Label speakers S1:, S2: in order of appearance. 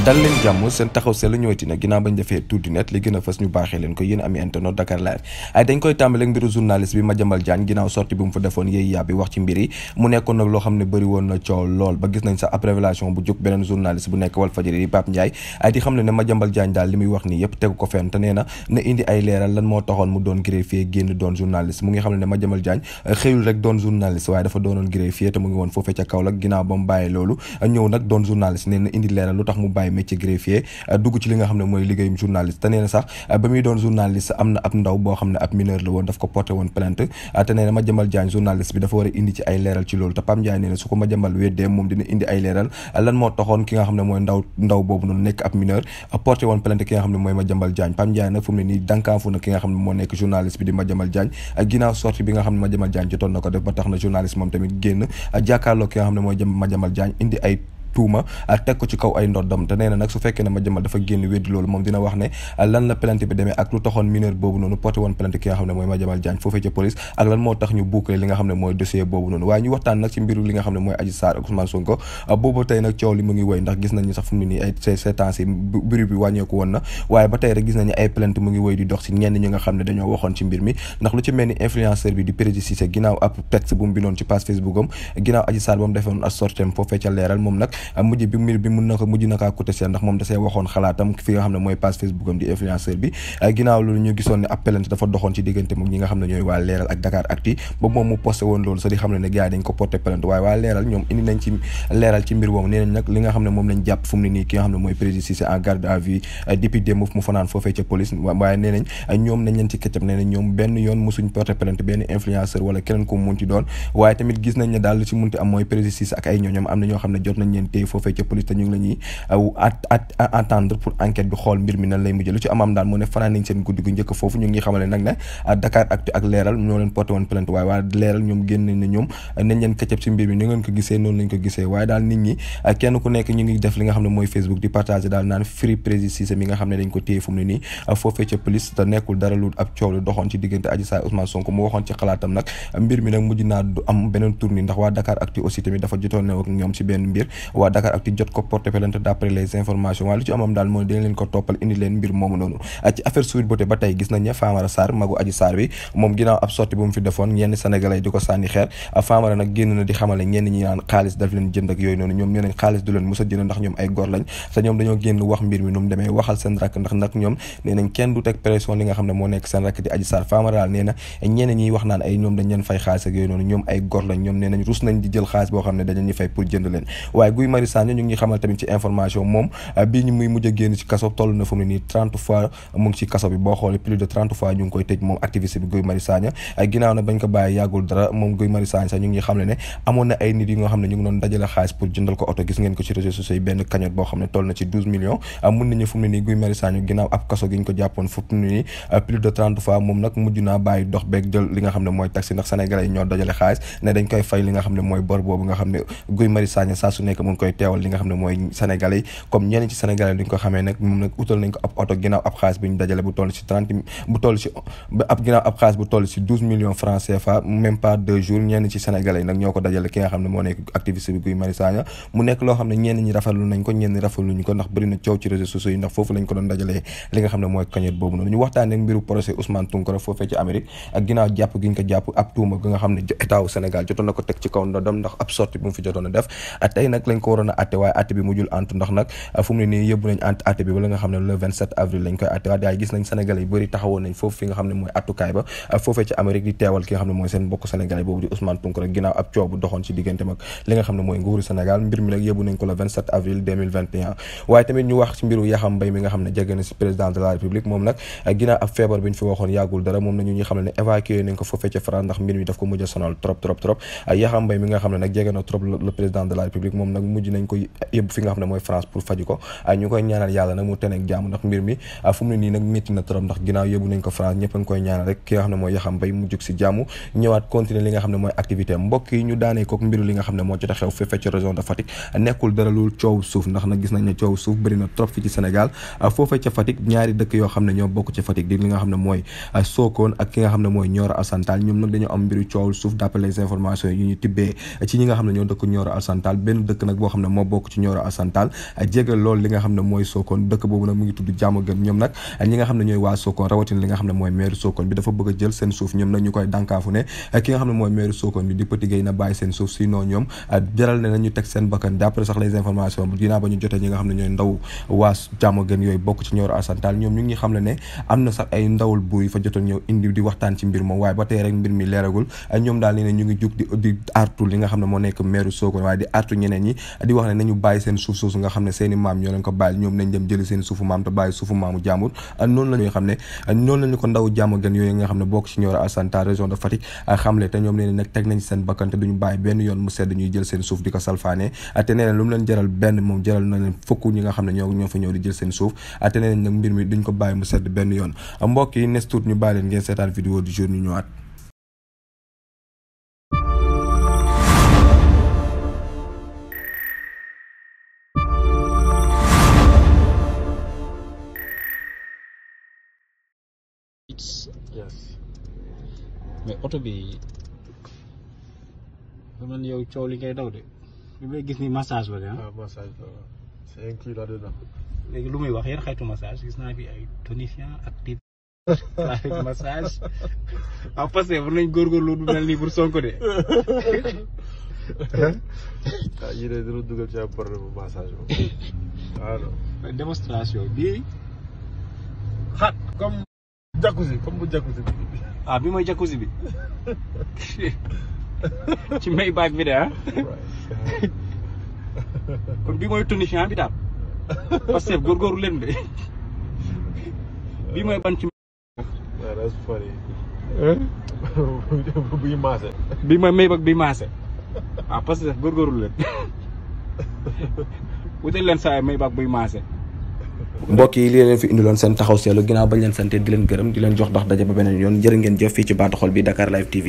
S1: dal leen jàmm seen taxaw seetlu ñëwati nag ginnaaw bañ defee tuuti net li gën a fës ñu baaxee leen ko yéen ami internet Dakar live ay dañ koy tàmbale mbiru journaliste bi Madiambal Diagne ginnaaw daal li muy wax nii yëpp tegu ko fenn te nee na indi ay leeral lan moo taxoon mu doon greffier génn doon journaliste mu ngi xam ne ne Madiambal Diagne eh, xëyul rek doon journaliste waaye dafa doonoon greffier te mu ngi woon foofee ca Kaolack ginnaaw ba mu loolu eh, bàyyi métier greffier euh, dugg ci li nga xam ne mooy liggéeyum journaliste te nee na a euh, ba muy doon journaliste am na ab ndaw boo xam ne ab mineur la woon daf ko porté woon plainte euh, te nee a indi ci ay ci loolu te Pape Ndiaye nee na su ko ma moo taxoon ki nga xam ne mooy ndaw ndaw boobu noonu nekk ab mineur porté woon plainte ki nga xam ne mooy ma jëmbal Diagne Pape Ndiaye nag ne na ki nga xam ne moo nekk journaliste bi di ma jëmal Diagne ginnaaw sortie bi nga xam ne ma jëmal Diagne jotoon na ko def ba tax na journaliste moom tamit génn jàkkaarloo ki nga xam ne mooy ma jëmal Diagne indi ay tuuma ah, teg ko ci kaw ay ndoddam te nee nag su fekkee ne ma jëmal dafa génn weddi loolu moom dina wax ne ah, lan la plainte bi demee ak lu taxoon mineur boobu noonu ak boobu noonu ah, nag coow li mu ngi woy ndax gis nañu sax fu mu ay ces temps ci bruit bi wàññeeku woon na waaye ba tey rek gis nañu ay plainte mu ngi woy di dox ci ñenn ñi nga xam ne dañoo waxoon ci mbir mi ndax lu ci mel ni influenceur bi di Prési ginnaaw ab texte bu mu bindoon ci page Facebook mujj bi mbir mujj na kaa coûté cher ndax moom dasee waxoon xalaatam fi nga xam ne mooy page Facebook di influenceur bi ginnaaw loolu ñu gisoon ne appelante dafa doxoon ci diggante moom ñi nga xam ne moom ne jàpp fu mu nii ki nga xam ne mooy Président Cissé benn influenceur wala keneen ko munti doon waaye tamit gis nañ ne daal lu ci munti am mooy Président Cissé ak ay ñooñoom am na ñoo xam ne jot nañ leen téye foofee ca police te ñu ngi xool mbir mi nan mu ne fanaan nañ seen guddi gu njëkk foofu ñu ngi xamale nag ne ah, Dakar Actu ak leeral ñoo leen porté woon plainte waaye waaye leeral ñoom génn na ñoom ah, ah, nekk ñu ngi def li nga ne mooy Facebook di partager ne dañ ko téye fu mu ne nii foofee ca police te nekkul dara lu ab coow lu doxoon ci diggante Adji Sarr Ousmane Sonko mu waxoon ci xalaatam nag mbir mi nag mujj naa am beneen tournée ndax waa Dakar Actu aussi tamit dafa jotoon ne ak ñoom si benn mbir waa Dakar Actu jot ko porté plainte d'après les informations waaye lu ci amam daal mooy dina leen ko toppal indi leen mbir moomu noonu ci affaire Sweet Beauté ba tey gis nañ ne Famara Sarr magu Adji Sarr bi moom ginnaaw ab sortie bu mu fi defoon ndax ñoom ay góor lañ te ñoom dañoo génn wax mbir mi nu mu demee waxal seen rakk ndax nag ñoom nee kenn du teg pression li nga xam ne moo nekk seen rakk di Adji Sarr Famara daal nee na ñenn ñiy Marie Sagna ñu ngi xamal tamit ci information moom euh, bii ñu mujj génn ci kaso toll na fu nii trente fois mu ci kaso bi boo xoolee euh, euh, plus de trente fois moom nag mujj naa bàyyi dox beeg jël li nga xam ne mooy taxi ndax sénégalais yi ñoo dajale xaalis ne dañ koy fay li nga xam ne mooy bor boobu nga xam ne Guy Marie Sagna saa su nekk koy teewal li nga xam ne mooy sénégalais yi comme ñeneen ci sénégalais ndax mooy cagnotte boobu noonu ñu waxtaanee mbiru procès Ousmane Tounkara foofee ci Amérique ak ginnaaw jàpp gi ko jàpp ab tuuma gi nga xam ne état Sénégal jotoon na ko teg ci kaw ndodam ndax ab sortie bu mu fi jotoon a def tey nag lañ ko ko waaye atte bi mujjul antu ndax nag uh, fu mu ne nii yóbbu nañ atte bi wala nga xam ne le 27 avril lañ koy atte waat yaay gis nañ sénégalais yi taxawoon nañ foofu fi uh, ci Amérique di teewal ki nga xam ne mooy nguuru Sénégal mbir mi nag yóbbu nañ ko le 27 avril waaye tamit ñu wax mbiru Yaxam Mbaye mi nga xam ne jege na président de la République moom nag uh, ginnaaw ab feebar bi ñu fi waxoon yàggul dara moom nañu xam ne évacué nañ ko foofee mujj nañ ko yóbbu fi nga xam ne mooy France pour faju ko ah, ñu koy ñaanal yàlla nag mu teneeg jàmm ndax mbir mi ah, fu mu ne nii nag métti na trop ndax ginnaaw yóbbu nañ ko France ñëwaat continuer li nga xam ne mooy activité mbokk ci ah, yoo xam ne ñoo bokk ci Fatick nga xam ne mooy Sokone ak ñoom nag dañoo am mbiru coowul suuf d'après les informations ñu tibbee ci ñi nga xam ne ñoo dëkk Nioro Alassane benn dëkk nag boo xam ne moo bokk ci Nioro Assantal jégal li nga xam ne mooy Sokone dëkk boobu nag mu ngi tudd Diamaguène ñoom nag ñi nga ne ñooy waa Sokone rawatina li nga xam ne mooy maire Sokone bi dafa bëgg a jël seen suuf ñoom nag ñu koy dànkaafu ne ki nga xam ne mooy maire Sokone bi di Petit Gueye na bàyyi seen suuf sinon ñoom jaral ne nañu teg seen bokk ci Nioro Assantal ñu ngi xam ne ne am na sax ay ndawul buur yi fa jotoon ñëw indi waxtaan ci mbir moom waaye ba tey rek mbir mi leeragul ñoom daal ne ñu ngi jug di artu li nga xam ne moo nekk maire Sokone waaye di artu ñeneen ñi di wax ne nañu bàyyi seen suuf soosu nga xam ne seeni i maam ñoo leen ko bàyyil ñoom nañ dem jëli seen suufu bàyyi ne noonu lañu ko ndaw jàmm gën yooyu nga xam ne bokk ci Nioro Alassane Tall région de Fatick xamle te ñoom nee ne nag teg nañ seen bakkan te duñu bàyyi yoon mu sedd ñuy jël seen suuf di ko salfaane te nee na lu mu leen jaral benn moom jaral na leen fukk ñi ne ñoo ñoo fa ñëw di jël seen suuf te nee nañ mbir mi duñ ko bàyyi mu sedd benn yoon a yi nes tuut ñu bàyyi leen ngeen seetaan vidéo du jour ñu ñëwaat mais oto bi man yow coow li ngay daw de. li may gis ni massage ba de ah. Ah, massage ba waaw léegi lu muy wax yéen xaytu massage gis naa fi ay tonifiant actif. waaw massage en passé war nañ góorgóorlu du mel nii pour Sonko de. ah yii ci ab problème bu massage boobu. waaw. démonstration bii xat comme. jacuzzi comme bu jacuzzi bi. ah bi mooy jacuzzi bi ci may baag bi de ah. kon bi mooy tunisien bi daal parce que góorgóorlu leen bi mooy ban ci. buy bi mooy may baag bi maase waaw parce que góorgóorlu len wutal leen saa may baag buy maase. mbokk yi lii leen fi indiloon seen taxaw seelu ginnaaw bañ leen sante di leen gërëm di leen jox dox daje ba beneen yoon jërë ngeen jëf fii ci baatu xol bi Dakar Live TV